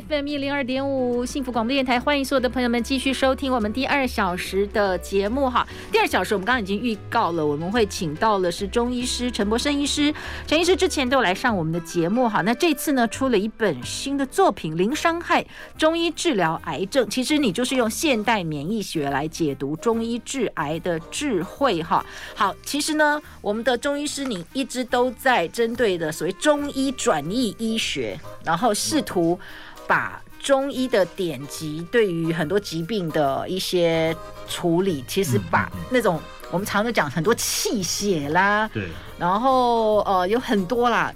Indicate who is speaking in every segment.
Speaker 1: FM 一零二點五幸福廣播電臺，歡迎所有的朋友們繼續收聽我們第二小時的節目哈。第二小時我們剛剛已經預告了，我們會請到的是中醫師陳博生醫師，陳醫師之前都來上我們的節目哈。那這次呢，出了一本新的作品《零傷害中醫治療癌症》，其實你就是用現代免疫學來解讀中醫治癌的智慧哈。好，其實呢，我們的中醫師你一直都在針對的所謂中醫轉譯醫學，然後試圖。把中醫的典籍對於很多疾病的一些處理，其實把那種嗯嗯嗯我們常常講很多氣血啦，對，然後呃有很多啦。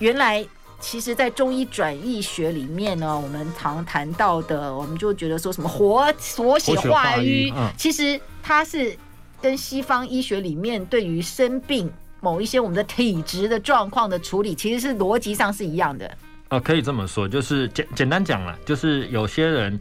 Speaker 1: 原來其實在中醫轉譯醫學裡面呢，我們常談到的，我們就覺得說什麼活血、活血化瘀，其實它是跟西方醫學裡面對於生病某一些我們的體質的狀況的處理，其實是邏輯上是一樣的。
Speaker 2: 啊，可以這麼說，就是簡簡單講了，就是有些人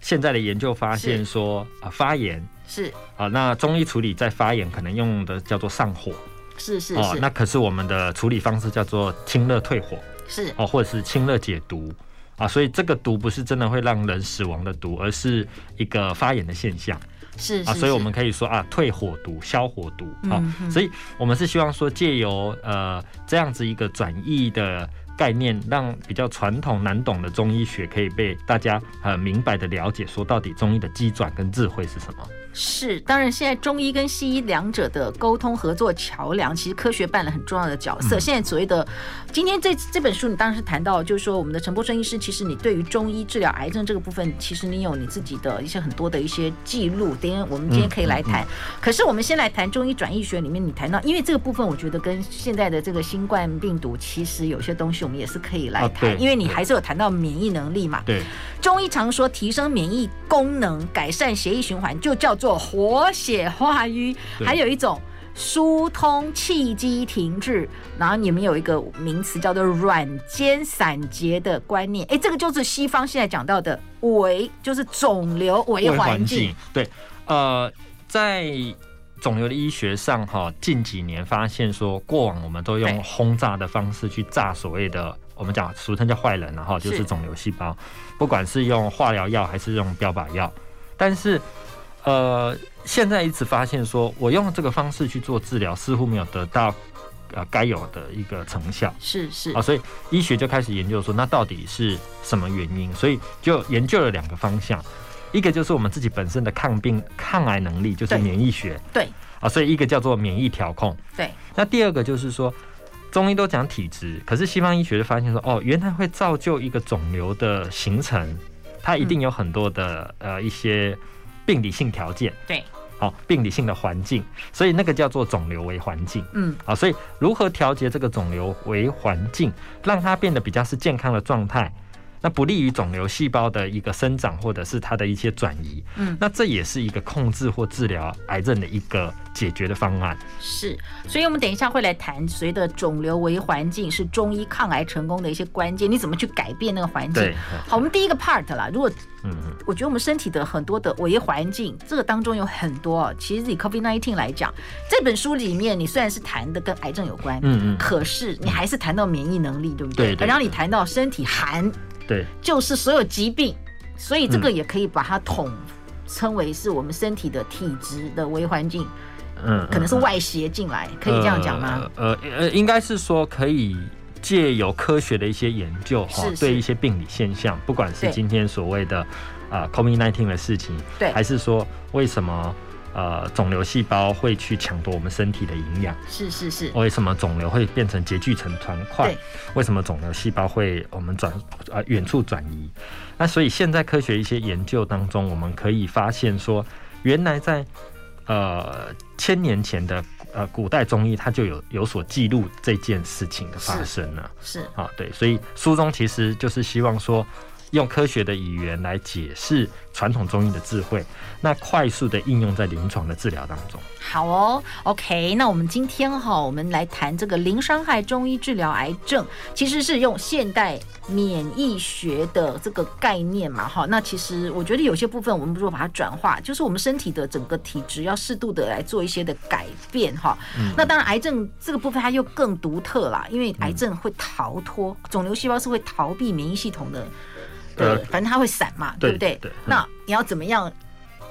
Speaker 2: 現在的研究發現說啊是、呃，發炎
Speaker 1: 是
Speaker 2: 啊、呃，那中醫處理在發炎可能用的叫做上火，
Speaker 1: 是是哦、呃，那
Speaker 2: 可是我們的處理方式叫做清熱退火，
Speaker 1: 是哦、
Speaker 2: 呃，或者是清熱解毒啊、呃，所以這個毒不是真的會讓人死亡的毒，而是一個發炎的現象，是、呃、啊，所以我們可以說啊、呃，退火毒、消火毒啊，呃嗯、哼所以我們是希望說借由呃這樣子一個轉移的概念讓比較傳統難懂的中醫學可以被大家很明白的了解。說到底中醫的機轉跟智慧是什麼？
Speaker 1: 是，當然，現在中醫跟西醫兩者的溝通合作橋樑，其實科學扮演很重要的角色。嗯、現在所謂的今天這這本書，你當時談到，就是說我們的陳博聖醫師，其實你對於中醫治療癌症這個部分，其實你有你自己的一些很多的一些記錄。等下我們今天可以來談。嗯、可是我們先來談中醫轉醫學裡面，你談到，因為這個部分，我覺得跟現在的這個新冠病毒，其實有些東西我們也是可以來談，啊、因為你還是有談到免疫能力嘛。對，對，中醫常說提升免疫功能，改善血液循環，就叫。做活血化瘀，對還有一種疏通氣機停滯。然後你們有一個名詞叫做軟堅散結的觀念，哎、欸，這個就是西方現在講到的微，就是腫瘤微環境，境。
Speaker 2: 對，呃，在腫瘤的醫學上，哈、哦，近幾年發現說，過往我們都用轟炸的方式去炸所謂的嘿我們講俗稱叫壞人，然後就是腫瘤細胞，是不管是用化療藥還是用標靶藥，但是。呃，現在一直發現說，我用這個方式去做治療，似乎沒有得到呃該有的一個成效。是是啊，所以醫學就開始研究說，那到底是什麼原因？所以就研究了兩個方向，一個就是我們自己本身的抗病、抗癌能力，就是免疫學。對，對啊，所以一個叫做免疫調控。對，那第二個就是說，中醫都講體質，可是西方醫學就發現說，哦，原來會造就一個腫瘤的形成，它一定有很多的、嗯、呃一些。病理性條件。對，好、哦、病理性的環境，所以那個叫做腫瘤微環境。嗯，啊、哦，所以如何調節這個腫瘤微環境，讓它變得比較是健康的狀態？那不利於腫瘤細胞的一個生長，或者是它的一些轉移。嗯，那這也是一個控制或治療癌症的一個解決的方案。
Speaker 1: 是，所以我們等一下會來談，所謂的腫瘤微環境是中醫抗癌成功的一些關鍵，你怎麼去改變那個環境？對，好，我們第一個 part 啦。如果，嗯，我覺得我們身體的很多的微環境這個當中有很多，其實以 COVID nineteen 來講，這本書裡面你雖然是談的跟癌症有關，嗯嗯，可是你還是談到免疫能力，對不對？對，然後你談到身體寒。對，就是所有疾病，所以這個也可以把它統稱為是我們身體的體質的微環境，嗯，
Speaker 2: 可能是外
Speaker 1: 邪進來，
Speaker 2: 可以這樣講嗎？嗯嗯、呃呃，應該是說可以藉由科學的一些研究，是是對一些病理現象，不管是今天所謂的啊、呃、COVID nineteen 的事情，對，還是說為什麼？呃，腫瘤細胞會去搶奪我們身體的營養，是是是。是是為什麼腫瘤會變成結聚成團塊？對，為什麼腫瘤細胞會我們轉啊、呃？遠處轉移？那所以現在科學一些研究當中，我們可以發現說，原來在呃千年前的呃古代中醫，他就有有所記錄這件事情的發生了。是，是啊，對，所以書中其實就是希望說，用科學的語言來解釋傳統中醫的智慧，那快速的應用在臨床的治療當中。
Speaker 1: 好哦，OK，那我們今天哈，我們來談這個零傷害中醫治療癌症，其實是用現代免疫學的這個概念嘛，哈。那其實我覺得有些部分我們不如把它轉化，就是我們身體的整個體質要適度的來做一些的改變，哈、嗯。那當然，癌症這個部分它又更獨特啦，因為癌症會逃脫，腫、嗯、瘤細胞是會逃避免疫系統的。對，反正它會散嘛，對，對不對？對對，那你要怎麼樣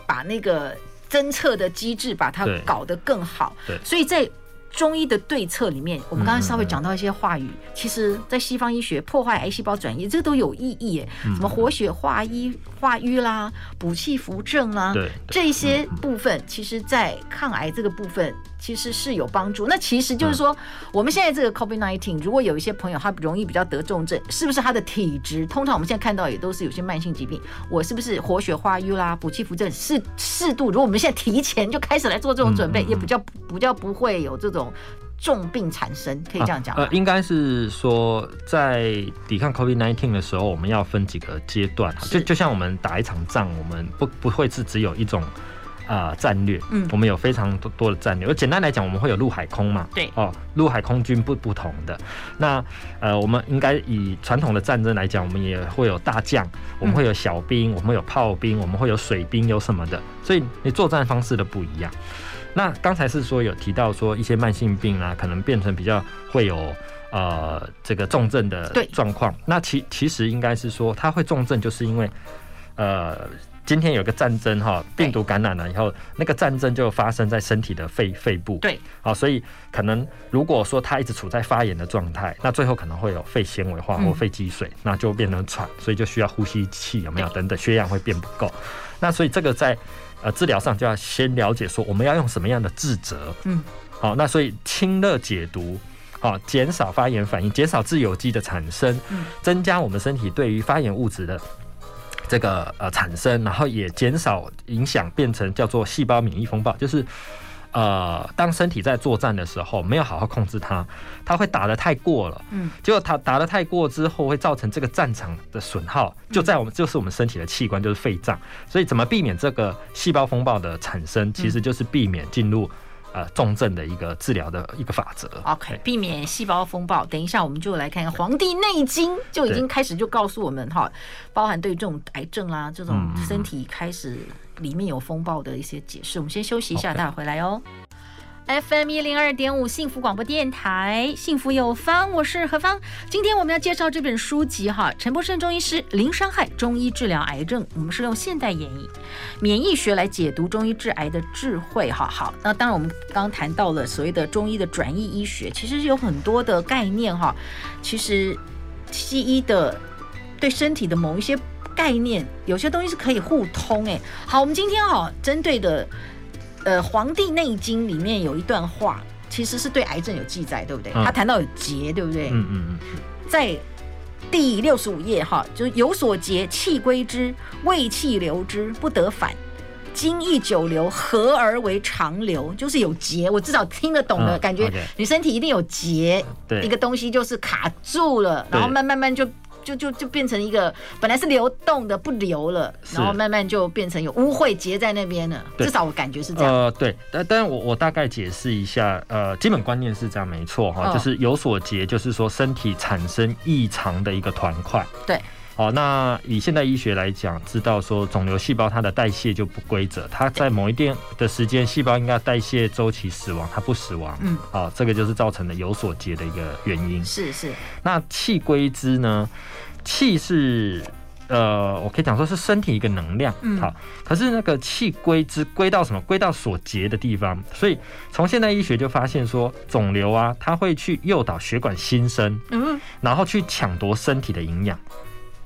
Speaker 1: 把那個偵測的機制把它搞得更好？對，對，所以在中醫的對策裡面，我們剛剛稍微講到一些話語，嗯、其實，在西方醫學破壞癌細胞轉移，這個、都有意義。誒，什麼活血化瘀？嗯化化瘀啦，補氣扶正啦，對對，這些部分其實，在抗癌這個部分，其實是有幫助。那其實就是說，我們現在這個 COVID-19，如果有一些朋友他容易比較得重症，是不是他的體質？通常我們現在看到也都是有些慢性疾病。我是不是活血化瘀啦，補氣扶正，適適度？如果我們現在提前就開始來做這種準備，嗯嗯嗯也比較比較不會有這種。重
Speaker 2: 病產生，可以這樣講，啊。呃，應該是說，在抵抗 COVID-19 的時候，我們要分幾個階段。是就就像我們打一場仗，我們不不會是只有一種啊、呃、戰略。嗯，我們有非常多多的戰略。簡單來講，我們會有陸海空嘛，對，哦，陸海空軍不不同的。那呃，我們應該以傳統的戰爭來講，我們也會有大將，我們會有小兵，嗯、我們有炮兵，我們會有水兵，有什麼的。所以你作戰方式都不一樣。那剛才是說有提到說一些慢性病啊，可能變成比較會有呃這個重症的狀況。對那其其實應該是說，它會重症就是因為，呃，今天有個戰爭哈、喔，病毒感染了以後，對那個戰爭就發生在身體的肺肺部。對，好，所以可能如果說它一直處在發炎的狀態，那最後可能會有肺纖維化或肺積水，嗯、那就變成喘，所以就需要呼吸器有沒有？等等，對血氧會變不夠。那所以這個在。呃，治療上就要先了解說我們要用什麼樣的治則。嗯，好、哦，那所以清熱解毒，好、哦，減少發炎反應，減少自由基的產生，嗯、增加我們身體對於發炎物質的這個呃產生，然後也減少影響變成叫做細胞免疫風暴，就是。呃，當身體在作戰的時候，沒有好好控制它，它會打得太過了。嗯，結果它打得太過之後，會造成這個戰場的損耗，就在我們、嗯、就是我們身體的器官，就是肺臟。所以，怎麼避免這個細胞風暴的產生，其實就是避免進入呃重症的一個治療的一個法則。OK，、
Speaker 1: 嗯、對避免細胞風暴。等一下，我們就來看看《黃帝內經》就已經開始就告訴我們哈對，包含對於這種癌症啦、啊，這種身體開始。嗯裡面有風暴的一些解釋，我們先休息一下，待會兒回來哦。FM 一零二點五，幸福廣播電台，幸福有方，我是何方。今天我們要介紹這本書籍哈，《陳博聖中醫師零傷害中醫治療癌症》，我們是用現代演繹免疫學來解讀中醫治癌的智慧哈。好，那當然我們剛剛談到了所謂的中醫的轉譯醫學，其實有很多的概念哈，其實西醫的對身體的某一些。概念有些東西是可以互通哎、欸。好，我們今天哈針對的，呃，《黃帝內經》裡面有一段話，其實是對癌症有記載，對不對？嗯、他談到有結，對不對？嗯嗯嗯，嗯在第六十五頁哈，就是有所結，氣歸之，衛氣留之，不得反，津液久留，合而為長流，就是有結。我至少聽得懂的、嗯、感覺，你身體一定有結，嗯 okay、一個東西就是卡住了，對然後慢慢慢就。就就就變成一個本來是流動的不流了，然後慢慢就變成有污穢結在那邊了。至少我感覺是這樣。呃，
Speaker 2: 對，但但我我大概解釋一下，呃，基本觀念是這樣，沒錯哈，就是有所結，就是說身體產生異常的一個團塊。哦、對。好，那以現代醫學來講，知道說腫瘤細胞它的代謝就不規則，它在某一定的時間，細胞應該代謝周期死亡，它不死亡。嗯，好，哦，這個就是造成的有所結的一個原因。是是。那氣歸之呢？氣是呃，我可以講說是身體一個能量。嗯，好。可是那個氣歸之歸到什麼？歸到所結的地方。所以從現代醫學就發現說，腫瘤啊，它會去誘導血管新生。嗯，然後去搶奪身體的營養。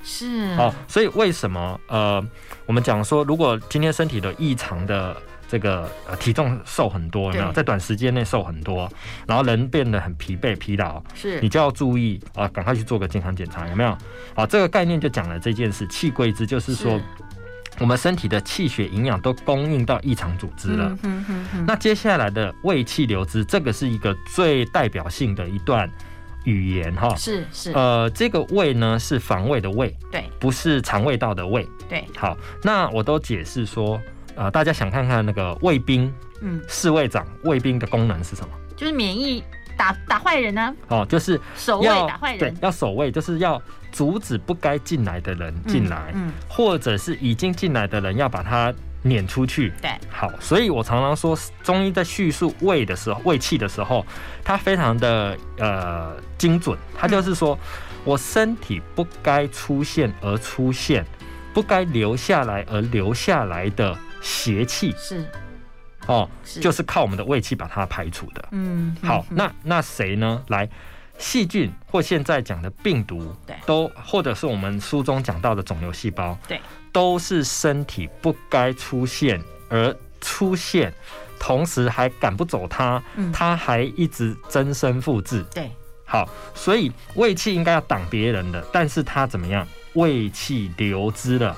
Speaker 1: 是好，
Speaker 2: 哦，所以為什麼呃，我們講說，如果今天身體的異常的這個、呃、體重瘦很多有沒有？對在短時間內瘦很多，然後人變得很疲憊疲勞，是你就要注意啊，趕、呃、快去做個健康檢查，有沒有？好、嗯啊，這個概念就講了這件事，氣歸之，就是說是我們身體的氣血營養都供應到異常組織了。嗯、哼哼哼，那接下來的衛氣留之，這個是一個最代表性的一段。語言哈是是呃，是是這個衛呢是防衛的衛，對，不是腸胃道的胃，對。好，那我都解釋說，呃，大家想看看那個衛兵，嗯，侍衛長衛兵的功能是什麼？就
Speaker 1: 是免疫打打壞人
Speaker 2: 呢、啊？哦，就是守衛打壞人，對，要守衛，就是要阻止不該進來的人進來，嗯，嗯或者是已經進來的人要把它。攆出去，對，好，所以我常常說，中醫在敘述衛的時候，衛氣的時候，它非常的呃精準，它就是說、嗯、我身體不該出現而出現，不該留下來而留下來的邪氣，是，哦，是就是靠我們的衛氣把它排除的，嗯是，好，那那誰呢？來，細菌或現在講的病毒，對，都或者是我們書中講到的腫瘤細胞，對。都是身體不該出現而出現，同時還趕不走他，嗯，他還一直增生複製。對，好，所以胃氣應該要擋別人的，但是他怎麼樣？胃氣流失了，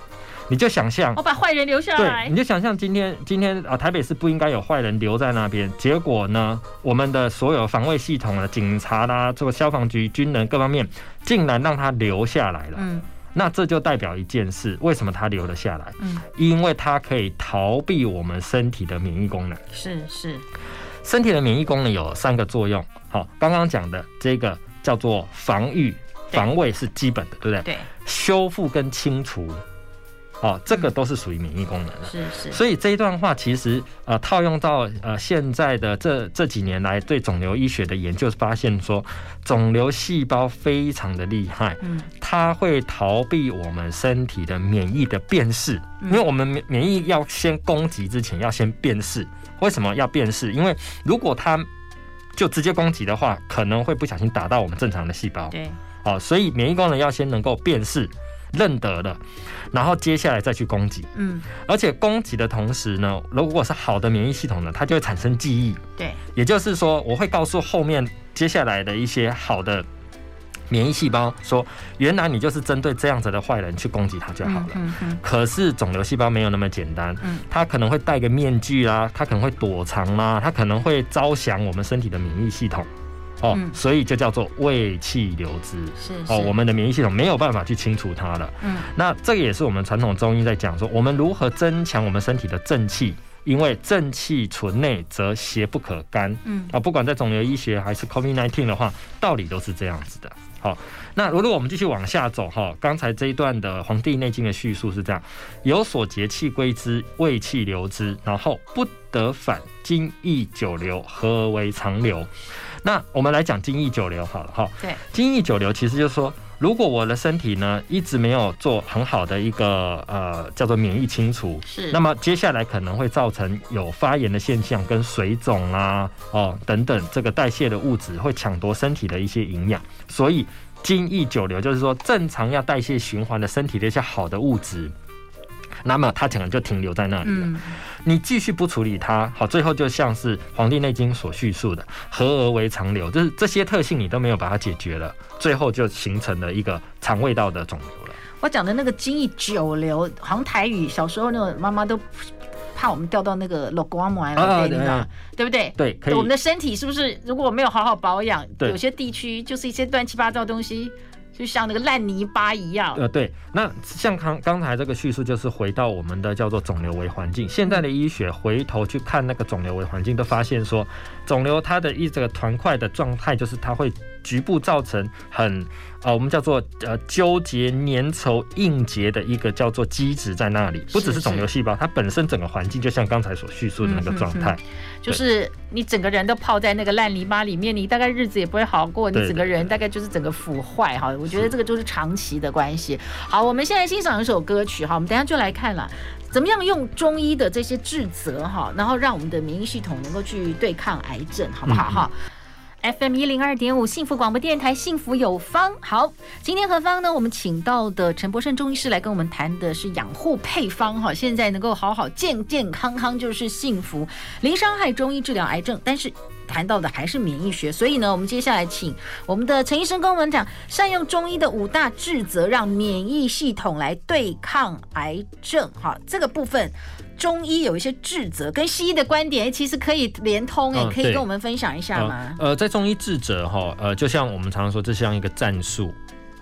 Speaker 2: 你就想象我把
Speaker 1: 壞人留下來，對，你
Speaker 2: 就想象今天今天啊，台北市不應該有壞人留在那邊，結果呢，我們的所有防衛系統啊、警察啦，這個消防局、軍人各方面，竟然讓他留下來了。嗯那這就代表一件事，為什麼它留了下來？嗯，因為它可以逃避我們身體的免疫功能。是是，身體的免疫功能有三個作用。好，剛剛講的這個叫做防禦、防衛是基本的，對不對？對，修復跟清除。哦，這個都是屬於免疫功能的，是是。所以這一段話其實呃套用到呃現在的這這幾年來對腫瘤醫學的研究，發現說腫瘤細胞非常的厲害，嗯，它會逃避我們身體的免疫的辨識，嗯，因為我們免免疫要先攻擊之前要先辨識，為什麼要辨識？因為如果它就直接攻擊的話，可能會不小心打到我們正常的細胞，對。哦，所以免疫功能要先能夠辨識。認得的，然後接下來，再去攻擊。嗯，而且攻擊的同時呢，如果是好的免疫系統呢，它就會產生記憶。對，也就是說，我會告訴後面接下來的一些好的免疫細胞說，原來你就是針對這樣子的壞人去攻擊它就好了。嗯嗯嗯。可是腫瘤細胞沒有那麼簡單，嗯，它可能會戴個面具啊，它可能會躲藏啊，它可能會招降我們身體的免疫系統。哦，所以就叫做衛氣留之。是,是哦，我們的免疫系統沒有辦法去清除它了。嗯，那這個也是我們傳統中醫在講說，我們如何增強我們身體的正氣，因為正氣存內，則邪不可干。嗯,嗯啊，不管在腫瘤醫學還是 COVID-19 的話，道理都是這樣子的。好，那如果我們繼續往下走哈、哦，剛才這一段的《黃帝內經》的敘述是這樣：有所結，氣歸之，衛氣留之，然後不得反，津液久留，合為腸瘤？哦那我們來講精益久留好了哈。對，精益久留其實就是說，如果我的身體呢一直沒有做很好的一個呃叫做免疫清除，是，那麼接下來可能會造成有發炎的現象跟水腫啊哦等等，這個代謝的物質會搶奪身體的一些營養，所以精益久留就是說正常要代謝循環的身體的一些好的物質。那麼它可能就停留在那裡了。嗯，你繼續不處理它，好，最後就像是《黃帝內經》所敘述的“合而為長瘤」。就是這些特性你都沒有把它解決了，最後就形成了一個腸胃道的腫瘤了。
Speaker 1: 我講的那個九流“經易久留”，航台語小時候那種媽媽都怕我們掉到那個漏光母癌了，對不對？對，可以，我們的身體是不是如果我沒有好好保養，對有些地區就是一些亂七八糟的東西。就
Speaker 2: 像那個爛泥巴一樣。呃，對，那像剛剛才這個敘述，就是回到我們的叫做腫瘤微環境。現在的醫學回頭去看那個腫瘤微環境，都發現說。腫瘤它的一整個團塊的狀態，就是它會局部造成很呃，我們叫做呃糾結、粘稠、硬結的一個叫做基質在那裡。不只是腫瘤細胞，它本身整個環境就像剛才所敘述的那個狀態，是是對就是
Speaker 1: 你整個人都泡在那個爛泥巴裡面，你大概日子也不會好過，對對對，你整個人大概就是整個腐壞哈。我覺得這個就是長期的關係。好，我們現在欣賞一首歌曲哈，我們等一下就來看了。怎麼樣用中醫的這些治則，哈，然後讓我們的免疫系統能夠去對抗癌症，好不好哈、嗯嗯、？FM 一零二點五，幸福廣播電台，幸福有方。好，今天何方呢？我們請到的陳博聖中醫師來跟我們談的是養護配方哈。現在能夠好好健健康康就是幸福，零傷害中醫治療癌症，但是。談到的還是免疫學，所以呢，我們接下來請我們的陳醫生跟我們講善用中醫的五大治則，讓免疫系統來對抗癌症。哈，這個部分中醫有一些治則，跟西醫的觀點其實可以連通，哎、嗯，可以跟我們分享一下嗎？
Speaker 2: 呃，在中醫治則哈，呃，就像我們常說，這像一個戰術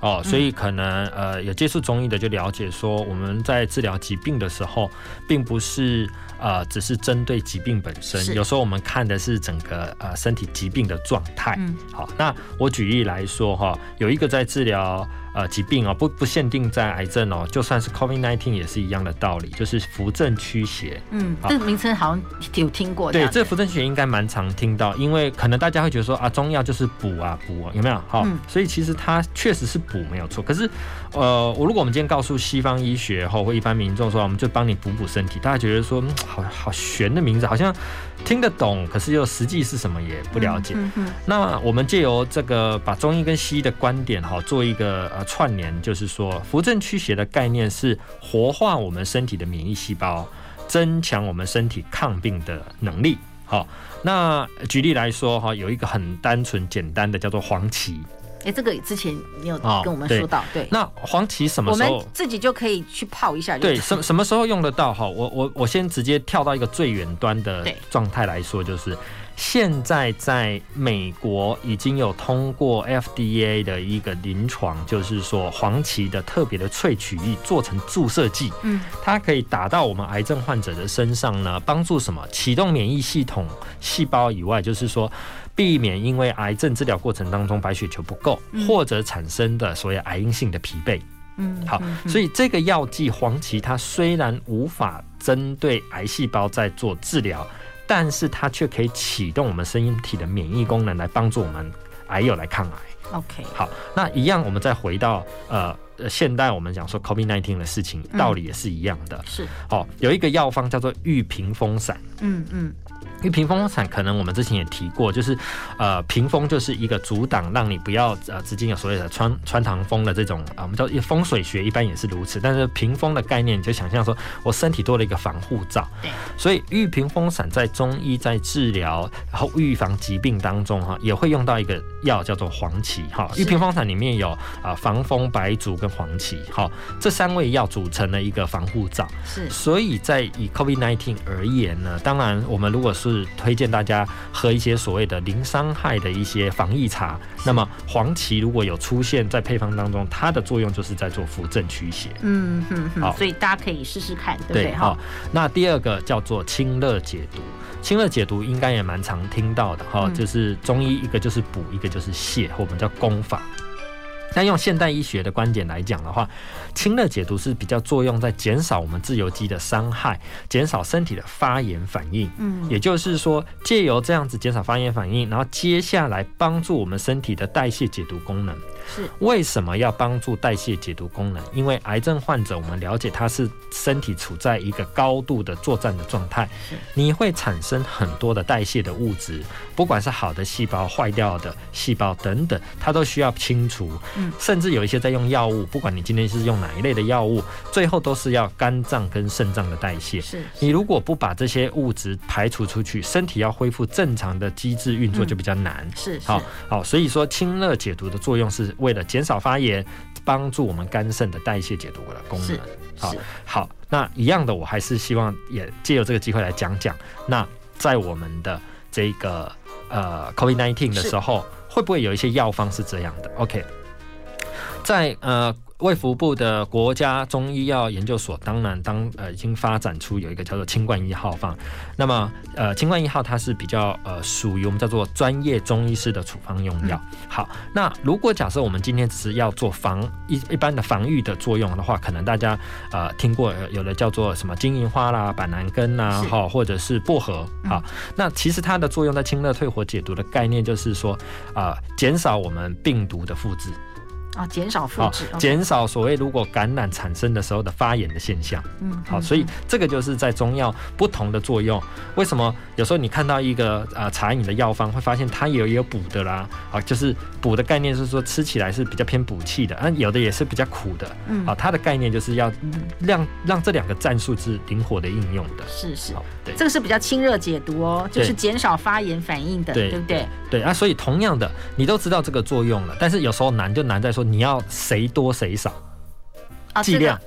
Speaker 2: 哦、呃，所以可能、嗯、呃，有接觸中醫的就了解說，我們在治療疾病的時候，並不是。呃，只是針對疾病本身，是有時候我們看的是整個呃身體疾病的狀態。嗯、好，那我舉例來說哈、哦，有一個在治療。呃，疾病哦，不不限定在癌症哦，就算是 COVID-19 也是一樣的道理，就是扶正驅邪。嗯，哦、
Speaker 1: 這個名稱好像有聽過。對，這
Speaker 2: 個、扶正驅邪應該蠻常聽到，因為可能大家會覺得說啊，中藥就是補啊補啊，補啊，有沒有？好、哦，嗯、所以其實它確實是補沒有錯。可是，呃，我如果我們今天告訴西方醫學後或一般民眾說，我們就幫你補補身體，大家覺得說，嗯、好好玄的名字，好像聽得懂，可是又實際是什麼也不了解。嗯嗯嗯、那我們借由這個把中醫跟西醫的觀點哈、哦，做一個呃。串聯就是說，扶正驅邪的概念是活化我們身體的免疫細胞，增強我們身體抗病的能力。好，那舉例來說，哈，有一個很單純簡單的叫做黃芪。
Speaker 1: 哎、欸，這個之前你有跟我們說到，哦、對。對
Speaker 2: 那黃芪什麼時候？我們
Speaker 1: 自己就可以去泡一下，就是。對，什
Speaker 2: 什麼時候用得到？哈，我我我先直接跳到一個最遠端的狀態來說，就是。現在在美國已經有通過 FDA 的一個臨床，就是說黃芪的特別的萃取液做成注射劑，嗯，它可以打到我們癌症患者的身上呢，幫助什麼啟動免疫系統細胞以外，就是說避免因為癌症治療過程當中白血球不夠或者產生的所謂癌因性的疲憊，嗯，好，所以這個藥劑黃芪它雖然無法針對癌細胞在做治療。但是它卻可以啟動我們身體的免疫功能，來幫助我們癌友來抗癌。OK，好，那一樣，我們再回到呃，現代我們講說 COVID-19 的事情，道理也是一樣的。嗯、是，哦，有一個藥方叫做玉屏風散、嗯。嗯嗯。玉屏風散可能我們之前也提過，就是呃屏風就是一個阻擋，讓你不要呃直接有所謂的穿穿堂風的這種啊，我、呃、們叫風水學一般也是如此。但是屏風的概念，你就想象說我身體多了一個防護罩。對。所以玉屏風散在中醫在治療然後預防疾病當中哈、啊，也會用到一個藥叫做黃芪哈。哦、是玉屏風散裡面有啊、呃、防風白朮跟黃芪哈、哦，這三味藥組成了一個防護罩。是。所以在以 COVID-19 而言呢，當然我們如果如果是推薦大家喝一些所謂的零傷害的一些防疫茶，那麼黃芪如果有出現在配方當中，它的作用就是在做扶正驅邪。嗯
Speaker 1: 嗯嗯，好所以大家可以試試看，對不對好？
Speaker 2: 哦，那第二個叫做清熱解毒，清熱解毒應該也蠻常聽到的哈，哦嗯、就是中醫一個就是補，一個就是瀉，我們叫攻法。那用現代醫學的觀點來講的話，清熱解毒是比較作用在減少我們自由基的傷害，減少身體的發炎反應。嗯，也就是說，借由這樣子減少發炎反應，然後接下來幫助我們身體的代謝解毒功能。是，為什麼要幫助代謝解毒功能？因為癌症患者，我們了解他是身體處在一個高度的作戰的狀態，是，你會產生很多的代謝的物質，不管是好的細胞、壞掉的細胞等等，它都需要清除。嗯，甚至有一些在用藥物，不管你今天是用哪一類的藥物，最後都是要肝臟跟腎臟的代謝。是，你如果不把這些物質排除出去，身體要恢復正常的機制運作就比較難。嗯、是，好，好，所以說清熱解毒的作用是。為了減少發炎，幫助我們肝腎的代謝解毒的功能。好，好，那一樣的，我還是希望也藉由這個機會來講講。那在我們的這個呃，COVID-19 的時候，是會不會有一些藥方是這樣的？OK，在呃。衛福部的國家中醫藥研究所，當然當呃已經發展出有一個叫做“清冠一號方”。那麼呃“清冠一號”它是比較呃屬於我們叫做專業中醫師的處方用藥。好，那如果假設我們今天只是要做防一一般的防禦的作用的話，可能大家呃聽過有的叫做什麼金銀花啦、板藍根吶、啊、哈，是或者是薄荷，好，那其實它的作用在清熱退火解毒的概念，就是說啊減、呃、少我們病毒的複製。啊，減少複製，好，減少所謂如果感染產生的時候的發炎的現象。嗯，嗯好，所以這個就是在中藥不同的作用。為什麼有時候你看到一個呃茶飲的藥方，會發現它有也有補的啦，啊，就是補的概念是說吃起來是比較偏補氣的，那、啊、有的也是比較苦的。嗯，好、啊，它的概念就是要讓讓這兩個戰術是靈活的應用的。是是，好對，這
Speaker 1: 個是比較清熱解毒哦，就是減少發炎反應的，對，對
Speaker 2: 不對？對，對啊，所以同樣的，你都知道這個作用了，但是有時候難就難在說。你要誰多誰少啊？劑量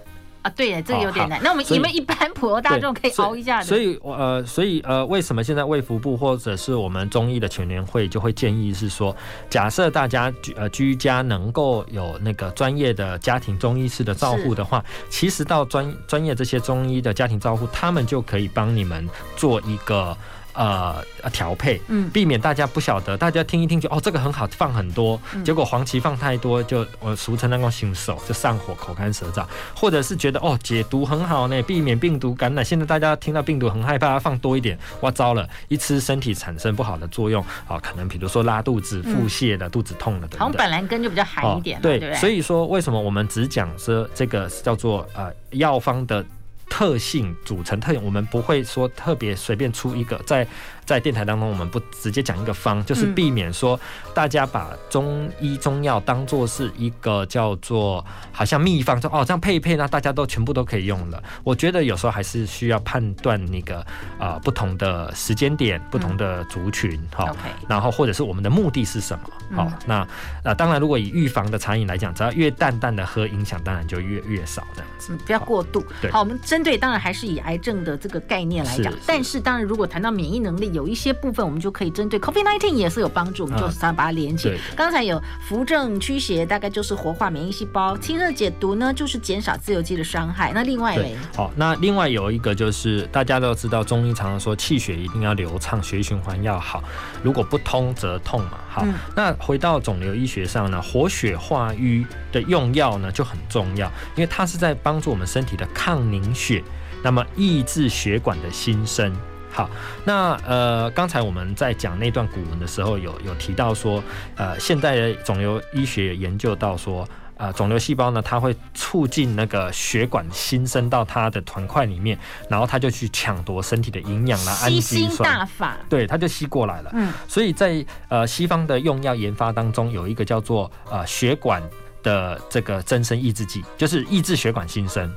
Speaker 2: 啊？
Speaker 1: 對，這個有點難。那我們有沒一般普羅
Speaker 2: 大眾可以熬一下？所以，呃，所以呃，為什麼現在衛福部或者是我們中醫的全聯會就會建議是說，假設大家呃居家能夠有那個專業的家庭中醫師的照護的話，是其實到專專業這些中醫的家庭照護，他們就可以幫你們做一個。呃調配，嗯，避免大家不曉得，嗯、大家聽一聽就哦，這個很好，放很多，結果黃芪放太多，就我俗稱那個新手就上火，口乾舌燥，或者是覺得哦，解毒很好呢，避免病毒感染。現在大家聽到病毒很害怕，放多一點，哇，糟了，一吃身體產生不好的作用，啊、哦，可能比如說拉肚子腹、腹瀉的，肚子痛了等等。
Speaker 1: 板藍根就比較寒一點、哦，對，對所以
Speaker 2: 說為什麼我們只講說這個叫做呃藥方的。特性組成特性，我們不會說特別隨便出一個在。在電臺當中，我們不直接講一個方，就是避免說大家把中醫中藥當作是一個叫做好像秘方說哦，這樣配一配，那大家都全部都可以用了。我覺得有時候還是需要判斷那個呃不同的時間點、不同的族群，好、嗯，okay, 然後或者是我們的目的是什麼，好、哦，嗯、那那當然如果以預防的茶飲來講，只要越淡淡的喝，影響當然就越越少這樣子不要、嗯、過度。對，好，我
Speaker 1: 們針對當然還是以癌症的這個概念來講，是是但是當然如果談到免疫能力。有一些部分，我們就可以針對 COVID-19 也是有幫助。嗯、我們就是想把它連起來。剛對才有扶正驅邪，大概就是活化免疫細胞，清熱解毒呢，就是減少自由基的傷害。那另外，
Speaker 2: 好，那另外有一個就是大家都知道，中醫常常說氣血一定要流暢，血液循環要好。如果不通則痛嘛。好，嗯、那回到腫瘤醫學上呢，活血化瘀的用藥呢就很重要，因為它是在幫助我們身體的抗凝血，那麼抑制血管的新生。好，那呃，剛才我們在講那段古文的時候有，有有提到說，呃，現代的腫瘤醫學研究到說，呃，腫瘤細胞呢，它會促進那個血管新生到它的團塊裡面，然後它就去搶奪身體的營養啦，氨基酸，吸星大法對，它就吸過來了。嗯，所以在呃西方的用藥研發當中，有一個叫做呃血管的這個增生抑制劑，就是抑制血管新生。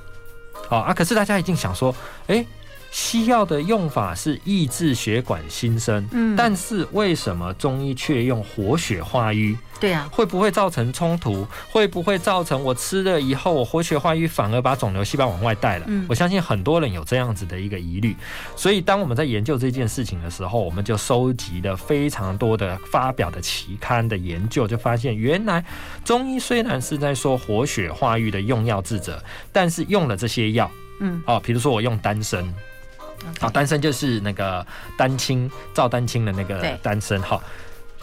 Speaker 2: 好啊，可是大家一定想說，哎、欸。西藥的用法是抑制血管新生，嗯，但是為什麼中醫卻用活血化瘀？對啊，會不會造成衝突？會不會造成我吃了以後，我活血化瘀反而把腫瘤細胞往外帶了？嗯，我相信很多人有這樣子的一個疑慮。所以當我們在研究這件事情的時候，我們就收集了非常多的發表的期刊的研究，就發現原來中醫雖然是在說活血化瘀的用藥治則，但是用了這些藥，嗯，哦，比如說我用丹參。好，丹參 Okay. 就是那個丹青，趙丹青的那個丹參哈，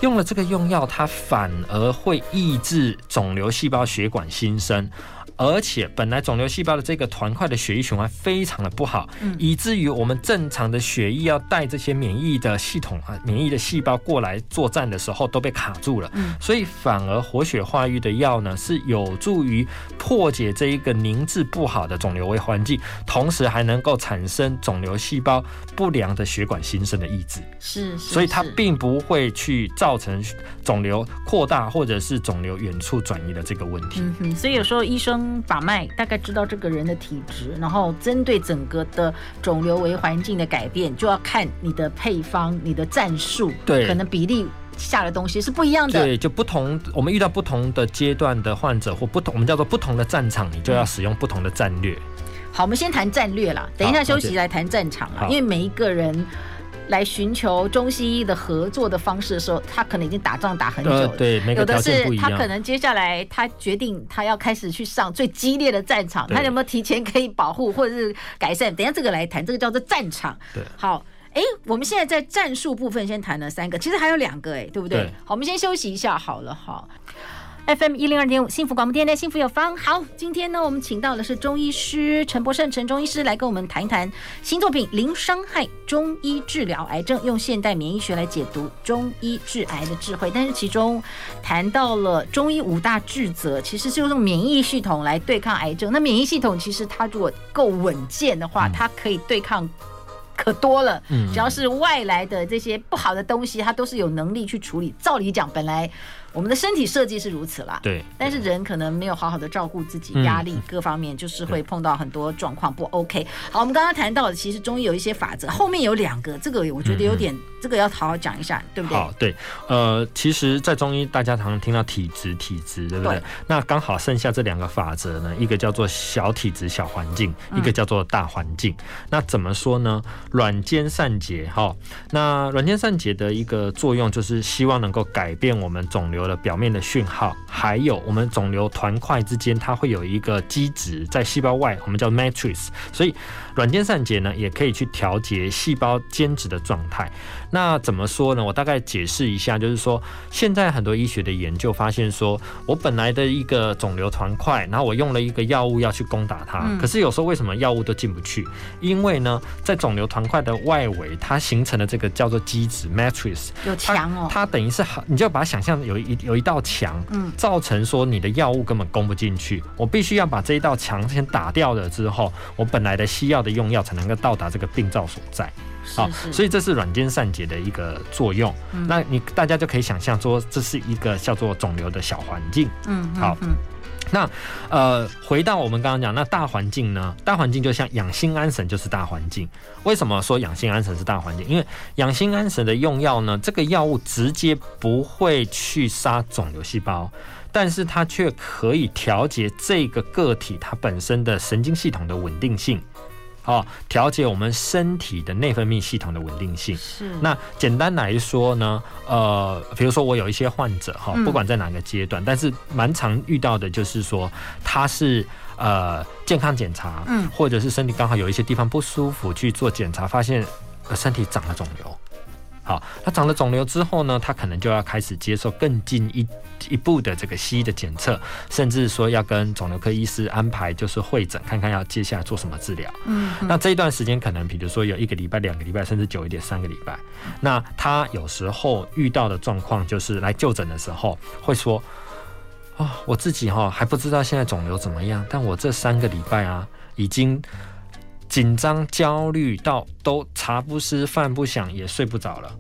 Speaker 2: 對用了這個用藥，它反而會抑制腫瘤細胞血管新生。而且本來腫瘤細胞的這個團塊的血液循環非常的不好，嗯、以至於我們正常的血液要帶這些免疫的系統啊、免疫的細胞過來作戰的時候都被卡住了，嗯、所以反而活血化瘀的藥呢，是有助於破解這一個凝滯不好的腫瘤微環境，同時還能夠產生腫瘤細胞不良的血管新生的抑制，是，
Speaker 1: 是，所以它
Speaker 2: 並不會去造成腫瘤擴大或者是腫瘤遠處轉移的這個問
Speaker 1: 題，嗯哼。所以有時候醫生。把脈大概知道這個人的體質，然後針對整個的腫瘤微環境的改變，就要看你的配方，你的戰術，對，可能比例下的東西是不一樣的。對，
Speaker 2: 就不同，我們遇到不同的階段的患者或不同，我們叫做不同的戰場，嗯、你就要使用不同的戰略。
Speaker 1: 好，我們先談戰略啦，等一下休息來談戰場啦，好因為每一個人。來尋求中西醫的合作的方式的時候，他可能已經打仗打很久了。對，對，個有的是他可能接下來他決定他要開始去上最激烈的戰場，對他有沒有提前可以保護或者是改善？等一下這個來談，這個叫做戰場。對，好，哎，我們現在在戰術部分先談了三個，其實還有兩個，哎，對不對？對好，我們先休息一下，好了，好。FM 一零二點五，幸福廣播電臺，幸福有方。好，今天呢，我們請到的是中醫師陳博聖，陳中醫師來跟我們談一談新作品《零傷害中醫治療癌症》，用現代免疫學來解讀中醫治癌的智慧。但是其中談到了中醫五大治則，其實就是用免疫系統來對抗癌症。那免疫系統其實它如果夠穩健的話，它可以對抗可多了。只要是外來的這些不好的東西，它都是有能力去處理。照理講，本來。我們的身體設計是如此啦，對，但是人可能沒有好好的照顧自己，對壓力各方面就是會碰到很多狀況不 OK。對好，我們剛剛談到的，其實中醫有一些法則，後面有兩個，這個我覺得有點，嗯、這個要好好講一下，對不對？好，
Speaker 2: 對，呃，其實，在中醫大家常常聽到體質，體質，對不對？對，那剛好剩下這兩個法則呢，一個叫做小體質小環境，一個叫做大環境。嗯、那怎麼說呢？軟堅散結，哈、哦，那軟堅散結的一個作用就是希望能夠改變我們腫瘤。的表面的訊號，還有我們腫瘤團塊之間，它會有一個基質在細胞外，我們叫 matrix。所以軟堅散結呢，也可以去調節細胞間質的狀態。那怎麼說呢？我大概解釋一下，就是說，現在很多醫學的研究發現說，我本來的一個腫瘤團塊，然後我用了一個藥物要去攻打它，嗯、可是有時候為什麼藥物都進不去？因為呢，在腫瘤團塊的外圍，它形成的這個叫做基質 matrix，有牆哦，它，它等於是好，你就把它想象有一。有一道牆，嗯，造成說你的藥物根本攻不進去。我必須要把這一道牆先打掉了之後，我本來的西藥的用藥才能夠到達這個病灶所在，好，是是，所以這是軟堅散結的一個作用。嗯，那你大家就可以想象說，這是一個叫做腫瘤的小環境，嗯，嗯，好，嗯。那，呃，回到我們剛剛講。那大環境呢？大環境就像養心安神，就是大環境。為什麼說養心安神是大環境？因為養心安神的用藥呢，這個藥物直接不會去殺腫瘤細胞，但是它卻可以調節這個個體它本身的神經系統的穩定性。哦，調節我們身體的內分泌系統的穩定性。是，那簡單來說呢，呃，比如說我有一些患者哈，哦，不管在哪個階段，嗯，但是蠻常遇到的就是說，他是呃健康檢查，嗯，或者是身體剛好有一些地方不舒服去做檢查，發現呃身體長了腫瘤。好，他長了腫瘤之後呢，他可能就要開始接受更進一一步的這個西醫的檢測，甚至說要跟腫瘤科醫師安排就是會診，看看要接下來做什麼治療。嗯，嗯，那這一段時間可能，比如說有一個禮拜、兩個禮拜，甚至久一點三個禮拜，那他有時候遇到的狀況就是來就診的時候會說，啊、哦，我自己哈還不知道現在腫瘤怎麼樣，但我這三個禮拜啊已經。緊張、焦慮到都茶不思、飯不想，也睡不着了。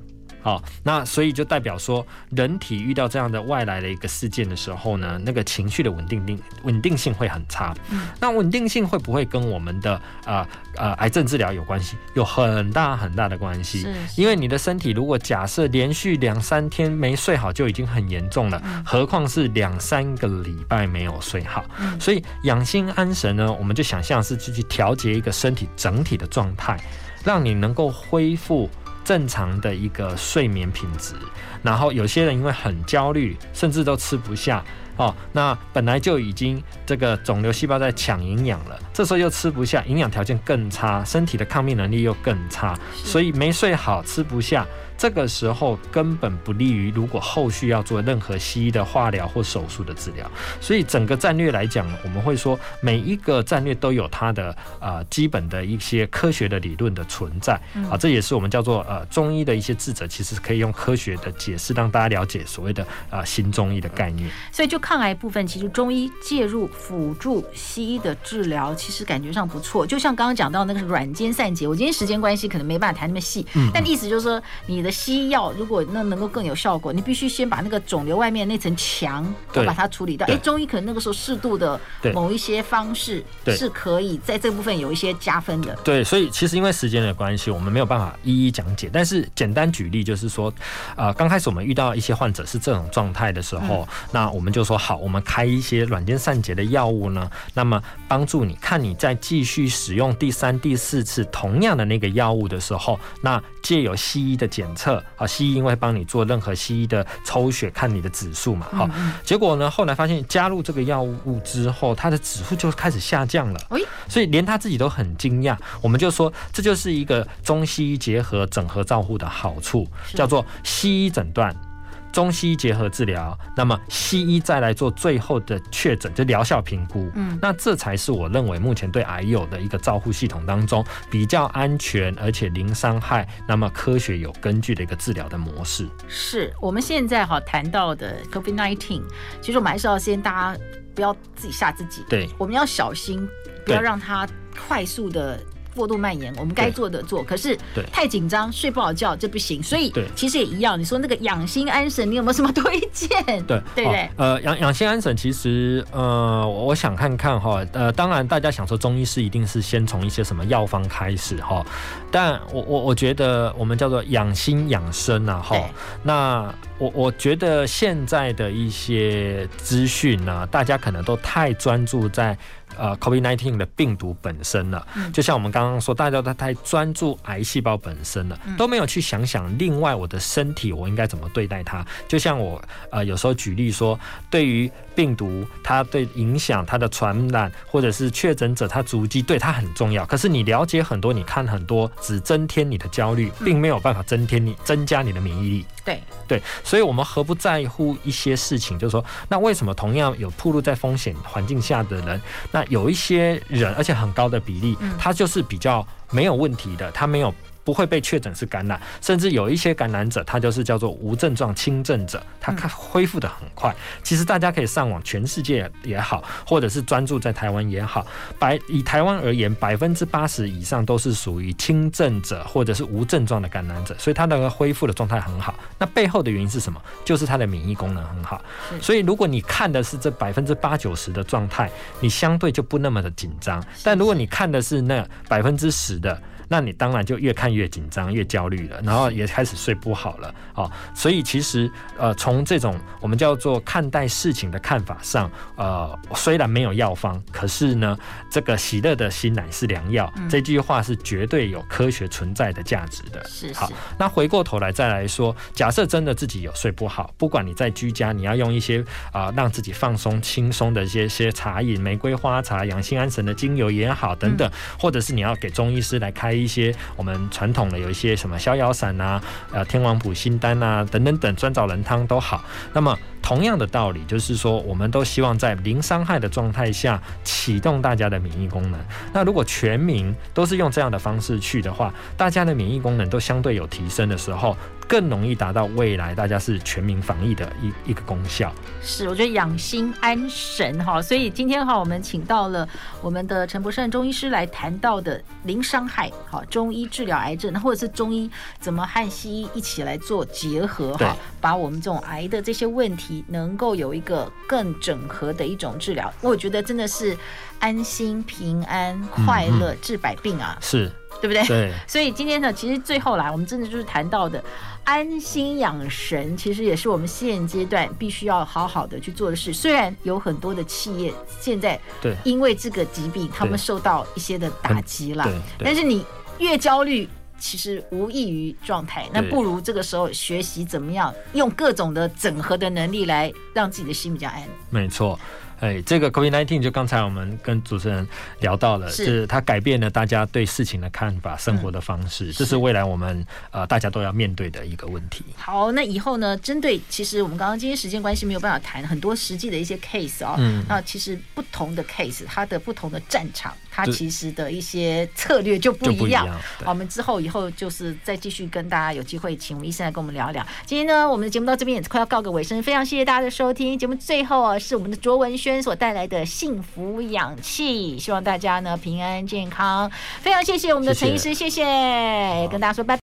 Speaker 2: 哦，那所以就代表說，人體遇到這樣的外來的一個事件的時候呢，那個情緒的穩定定穩定性會很差。嗯，那穩定性會不會跟我們的啊啊、呃呃、癌症治療有關係？有很大很大的關係。是，因為你的身體如果假設連續兩三天沒睡好就已經很嚴重了，嗯，何況是兩三個禮拜沒有睡好。嗯，所以養心安神呢，我們就想象是去調節一個身體整體的狀態，讓你能夠恢復。正常的一個睡眠品質，然後有些人因為很焦慮，甚至都吃不下哦。那本來就已經這個腫瘤細胞在搶營養了，這時候又吃不下，營養條件更差，身體的抗病能力又更差，是所以沒睡好，吃不下。這個時候根本不利於，如果後續要做任何西醫的化療或手術的治療，所以整個戰略來講，我們會說每一個戰略都有它的呃基本的一些科學的理論的存在啊，這也是我們叫做呃中醫的一些智者其實可以用科學的解釋讓大家了解所謂的呃新中醫的概念。
Speaker 1: 所以就抗癌部分，其實中醫介入輔助西醫的治療，其實感覺上不錯。就像剛剛講到那個是軟堅散結，我今天時間關係可能沒辦法談那麼細，但意思就是說你的。西藥如果那能夠更有效果，你必須先把那個腫瘤外面那層牆，對，把它處理掉。哎，中醫可能那個時候適度的某一些方式，是可以在這部分有一些加分的。對，
Speaker 2: 對，所以其實因為時間的關係，我們沒有辦法一一講解，但是簡單舉例就是說，呃，剛開始我們遇到一些患者是這種狀態的時候，嗯、那我們就說好，我們開一些軟堅散結的藥物呢，那麼幫助你，看你在繼續使用第三、第四次同樣的那個藥物的時候，那。借由西醫的檢測，啊，西醫會幫你做任何西醫的抽血，看你的指數嘛，好，嗯嗯、結果呢，後來發現加入這個藥物之後，他的指數就開始下降了，所以連他自己都很驚訝。我們就說，這就是一個中西醫結合整合照護的好處，叫做西醫診斷。中西醫結合治療，那麼西醫再來做最後的確診，就療效評估。嗯，那這才是我認為目前對癌友的一個照護系統當中比較安全而且零傷害，那麼科學有根據的一個治療的模式。
Speaker 1: 是我們現在好談到的 COVID-19，其實我們還是要先大家不要自己嚇自己。對，我們要小心，不要讓它快速的。過度蔓延，我們該做的做，對可是太緊張對睡不好覺就不行，所以其實也一樣。對你說那個養心安神，你有沒有什麼推薦？對對不對，
Speaker 2: 哦，呃，養養心安神，其實呃，我想看看哈，呃，當然大家想說中醫是一定是先從一些什麼藥方開始哈，但我我我覺得我們叫做養心養生啊哈，對那我我覺得現在的一些資訊呢，大家可能都太專注在。呃，COVID-19 的病毒本身了，就像我們剛剛說，大家都太專注癌細胞本身了，都沒有去想想另外我的身體我應該怎麼對待它。就像我呃有時候舉例說，對於病毒，它對影響它的傳染或者是確診者，它足跡對它很重要。可是你了解很多，你看很多，只增添你的焦慮，並沒有辦法增添你增加你的免疫力。對對，所以我們何不在乎一些事情？就是說，那為什麼同樣有暴露在風險環境下的人，那有一些人，而且很高的比例，他就是比較沒有問題的，他沒有。不會被確診是感染，甚至有一些感染者，他就是叫做無症狀輕症者，他看恢復得很快。其實大家可以上網，全世界也好，或者是專注在台灣也好，百以台灣而言，百分之八十以上都是屬於輕症者或者是無症狀的感染者，所以他的恢復的狀態很好。那背後的原因是什麼？就是他的免疫功能很好。所以如果你看的是這百分之八九十的狀態，你相對就不那麼的緊張。但如果你看的是那百分之十的。那你當然就越看越緊張，越焦慮了，然後也開始睡不好了，哦，所以其實呃，從這種我們叫做看待事情的看法上，呃，雖然沒有藥方，可是呢，這個喜樂的心乃是良藥，這句話是絕對有科學存在的價值的。是好，那回過頭來再來說，假設真的自己有睡不好，不管你在居家，你要用一些啊、呃、讓自己放鬆輕鬆的一些些茶飲，玫瑰花茶、養心安神的精油也好，等等，或者是你要給中醫師來開。一些我們傳統的有一些什麼逍遙散啊、呃，天王補心丹啊等等等，專找人湯都好。那麼同樣的道理，就是說我們都希望在零傷害的狀態下啟動大家的免疫功能。那如果全民都是用這樣的方式去的話，大家的免疫功能都相對有提升的時候。更容易達到未來大家是全民防疫的一一個功效。
Speaker 1: 是，我覺得養心安神哈，所以今天哈，我們請到了我們的陳博聖中醫師來談到的零傷害，好中醫治療癌症，或者是中醫怎麼和西醫一起來做結合哈，對把我們這種癌的這些問題能夠有一個更整合的一種治療。我覺得真的是安心、平安、快樂、嗯、哼治百病啊！是。對不對？對。所以今天呢，其實最後來，我們真的就是談到的安心養神，其實也是我們現階段必須要好好的去做的事。雖然有很多的企業現在對，因為這個疾病對他們受到一些的打擊了，但是你越焦慮，其實無異於狀態。那不如這個時候學習怎麼樣對用各種的整合的能力來讓自己的心比較安。
Speaker 2: 沒錯。哎，這個 COVID nineteen 就剛才我們跟主持人聊到了，是,就是它改變了大家對事情的看法、嗯、生活的方式，是這是未來我們呃大家都要面對的一個問題。
Speaker 1: 好，那以後呢，針對其實我們剛剛今天時間關係沒有辦法談很多實際的一些 case 哦，那、嗯、其實不同的 case 它的不同的戰場。他其實的一些策略就不一樣，一樣我們之後以後就是再繼續跟大家有機會，請我們醫生來跟我們聊聊。今天呢，我們的節目到這邊也快要告個尾聲，非常謝謝大家的收聽。節目最後啊，是我們的卓文萱所帶來的幸福氧氣，希望大家呢平安健康。非常謝謝我們的陳醫師，謝謝,謝謝，跟大家說拜拜。